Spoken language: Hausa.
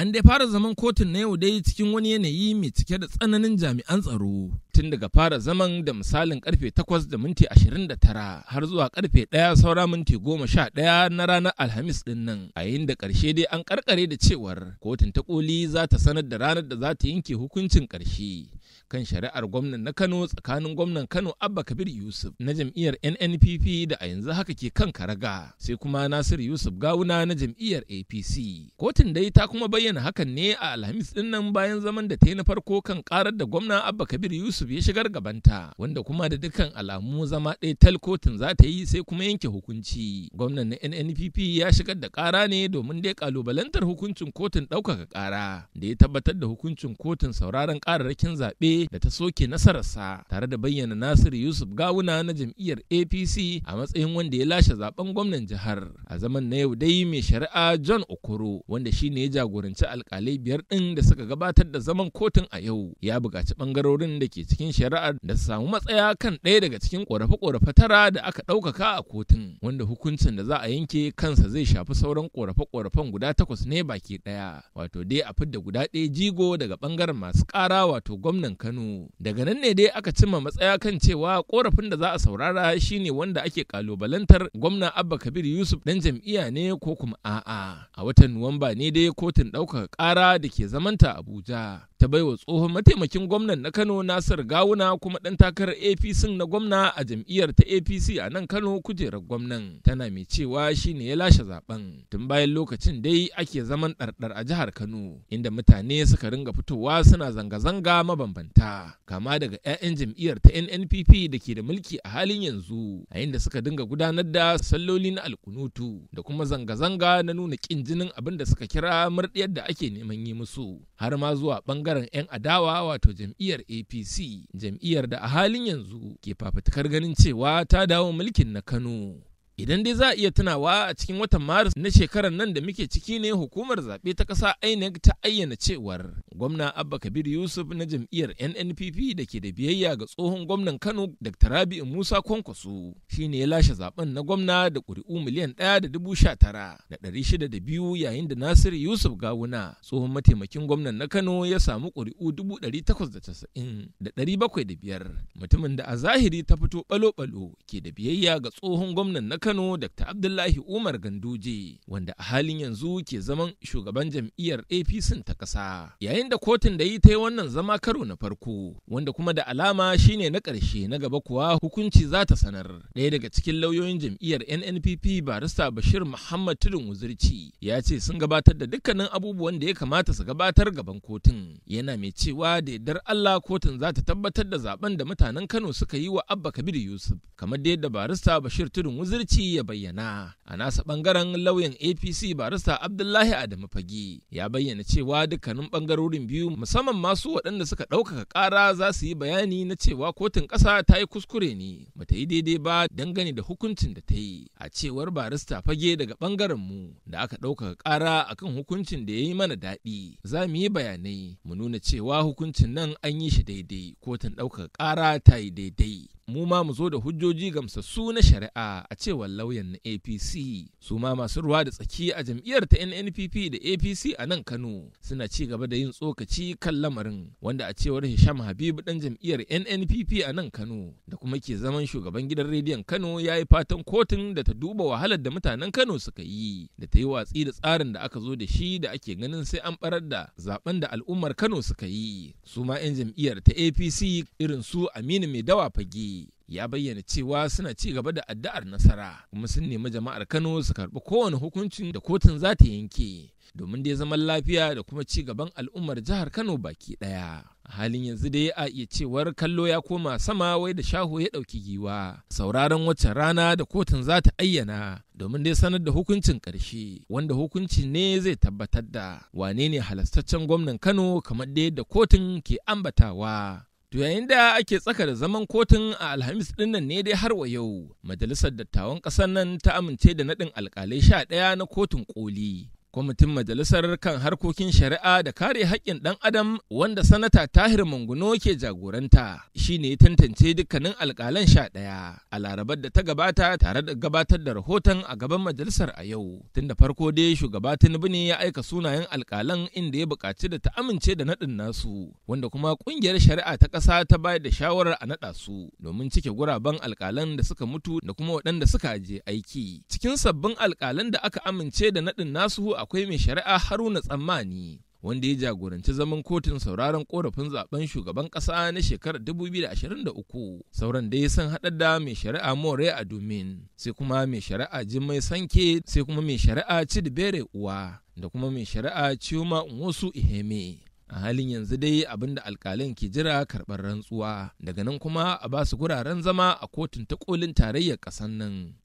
An dai fara zaman kotun na yau dai cikin wani yanayi mai cike da tsananin jami'an tsaro. Tun daga fara zaman da misalin karfe 8 da minti 29 har zuwa karfe 1 saura minti 11 na ranar Alhamis din nan. A yayin da karshe dai an karkare da cewar kotun ta koli za ta sanar da ranar da za ta yanke hukuncin karshe. kan shari'ar gwamnan na Kano tsakanin gwamnan Kano Abba Kabir Yusuf na jam'iyyar NNPP da a yanzu haka ke kan karaga sai kuma Nasiru Yusuf Gawuna na jam'iyyar APC. Kotun dai ta kuma bayyana hakan ne a Alhamis din nan bayan zaman da ta yi na farko kan karar da gwamnan Abba Kabir Yusuf ya shigar gabanta wanda kuma da dukkan alamu zama ɗaya tal kotun za ta yi sai kuma yanke hukunci. Gwamnan na NNPP ya shigar da kara ne domin dai kalubalantar hukuncin kotun ɗaukaka ƙara, da ya tabbatar da hukuncin kotun sauraron kararrakin zaɓe da ta soke nasararsa tare da bayyana Nasiru Yusuf Gawuna na jam'iyyar APC a matsayin wanda ya lashe zaben gwamnan jihar. A zaman na yau dai mai shari'a John Okoro wanda shine ya jagoranci alkalai biyar din da suka gabatar da zaman kotun a yau ya buƙaci bangarorin da ke cikin shari'ar da su samu matsaya kan ɗaya daga cikin ƙorafe-ƙorafe tara da aka ɗaukaka a kotun wanda hukuncin da za a yanke kansa zai shafi sauran ƙorafe-ƙorafen guda takwas ne baki ɗaya wato dai a fidda guda ɗaya jigo daga ɓangaren masu ƙara wato gwamnan Kano. Kano. Daga nan ne dai aka cimma matsaya kan cewa korafin da za a saurara shine wanda ake kalubalantar gwamna Abba Kabir Yusuf dan jam'iyya ne ko kuma a'a. A watan Nuwamba ne dai kotun ɗaukaka ƙara da ke zamanta Abuja ta baiwa tsohon mataimakin gwamnan na Kano Nasir Gawuna kuma ɗan takarar APC na gwamna a jam'iyyar ta APC a nan Kano kujerar gwamnan tana mai cewa shine ya lashe zaben tun bayan lokacin dai ake zaman ɗarɗar a jihar Kano inda mutane suka ringa fitowa suna zanga-zanga mabambanta kama daga 'ya'yan jam'iyyar ta NNPP da ke da mulki a halin yanzu a inda suka dinga gudanar da salloli na alkunutu da kuma zanga-zanga na nuna kin jinin abin da suka kira murɗiyar da ake neman yi musu har ma zuwa ɓangaren bangaren 'yan adawa wato jam'iyyar apc jam'iyyar da a halin yanzu ke fafutukar ganin cewa ta dawo mulkin na kano Idan dai za a iya tunawa a cikin watan Maris na shekarar nan da muke ciki ne hukumar zaɓe ta ƙasa INEC ta ayyana cewar gwamna Abba Kabir Yusuf na jam'iyyar NNPP da ke da biyayya ga tsohon gwamnan Kano Dr. Rabi'u Musa Kwankwaso shine ne ya lashe zaben na gwamna da ƙuri'u miliyan ɗaya da dubu sha tara da ɗari shida da biyu yayin da Nasir Yusuf Gawuna tsohon mataimakin gwamnan na Kano ya samu ƙuri'u dubu ɗari takwas da casa'in da ɗari bakwai da biyar mutumin da a zahiri ta fito ɓalo-ɓalo ke da biyayya ga tsohon gwamnan na Kano Kano Dr. Abdullahi Umar Ganduje wanda a halin yanzu ke zaman shugaban jam'iyyar APC ta ƙasa. Yayin da kotun da yi ta yi wannan zama karo na farko wanda kuma da alama shine na ƙarshe na gaba kuwa hukunci za ta sanar. Ɗaya daga cikin lauyoyin jam'iyyar NNPP barista Bashir Muhammad Tudun Wuzirci ya ce sun gabatar da dukkanin abubuwan da ya kamata su gabatar gaban kotun. Yana mai cewa da yardar Allah kotun za ta tabbatar da zaben da mutanen Kano suka yi wa Abba Kabir Yusuf kamar da yadda barista Bashir Tudun Wuzirci gwamnati ya bayyana a nasa bangaren lauyan apc barista abdullahi adamu fagi ya bayyana cewa dukkanin bangarorin biyu musamman masu waɗanda suka ɗaukaka ƙara za su yi bayani na cewa kotun ƙasa ta yi kuskure ne ta yi daidai ba dangane da hukuncin da ta yi a cewar barista fage daga bangaren mu da aka ɗaukaka ƙara akan hukuncin da ya yi mana daɗi za mu yi bayanai mu nuna cewa hukuncin nan an yi shi daidai kotun ɗaukaka ƙara ta yi daidai mu ma mu zo da hujjoji su na shari'a a cewar lauyan na APC. Su ma masu ruwa da tsaki a jam'iyyar ta NNPP da APC a nan Kano suna ci gaba da yin tsokaci kan lamarin wanda a cewar Hisham Habibu dan jam'iyyar NNPP a nan Kano da kuma ke zaman shugaban gidan rediyon Kano ya yi fatan kotun da ta duba wahalar da mutanen Kano suka yi da ta yi watsi da tsarin da aka zo da shi da ake ganin sai an barar da zaben da al'ummar Kano suka yi. Su ma 'yan jam'iyyar ta APC irin su Aminu Mai Dawa Fage ya bayyana cewa suna ci gaba da addu'ar nasara kuma sun nemi jama'ar Kano su karɓi kowane hukuncin da kotun za ta yanke domin dai zaman lafiya da kuma ci gaban al'ummar jihar Kano baki ɗaya. halin yanzu dai a iya cewar kallo ya koma sama wai da shaho ya ɗauki giwa sauraron wacce rana da kotun za ta ayyana domin dai sanar da hukuncin ƙarshe wanda hukunci ne zai tabbatar da wane ne halastaccen gwamnan kano kamar dai da kotun ke ambatawa To yayin da ake tsaka da zaman kotun a Alhamis dinnan ne dai har wa yau, Majalisar Dattawan ƙasar nan ta amince da naɗin alƙalai sha ɗaya na kotun ƙoli, kwamitin majalisar kan harkokin shari'a da kare hakkin ɗan adam wanda sanata tahir manguno ke jagoranta shine ya tantance dukkanin alƙalan sha ɗaya a larabar da ta gabata tare da gabatar da rahoton a gaban majalisar a yau tun da farko dai shugaba tinubu ne ya aika sunayen alƙalan inda ya buƙaci da ta amince da naɗin nasu wanda kuma ƙungiyar shari'a ta ƙasa ta bayar da shawarar a naɗa su domin cike guraben alƙalan da suka mutu da kuma waɗanda suka je aiki cikin sabbin alƙalan da aka amince da naɗin nasu akwai mai shari'a Haruna Tsammani wanda ya jagoranci zaman kotun sauraron korafin zaben shugaban kasa na shekarar 2023 sauran da ya san haɗar da mai shari'a more a domin sai kuma mai shari'a jimai sanke sai kuma mai shari'a cidibere uwa da kuma mai shari'a cioma wasu iheme a halin yanzu dai abinda alkalin ke jira karɓar rantsuwa daga nan kuma a basu guraren zama a kotun ta kolin tarayyar ƙasar nan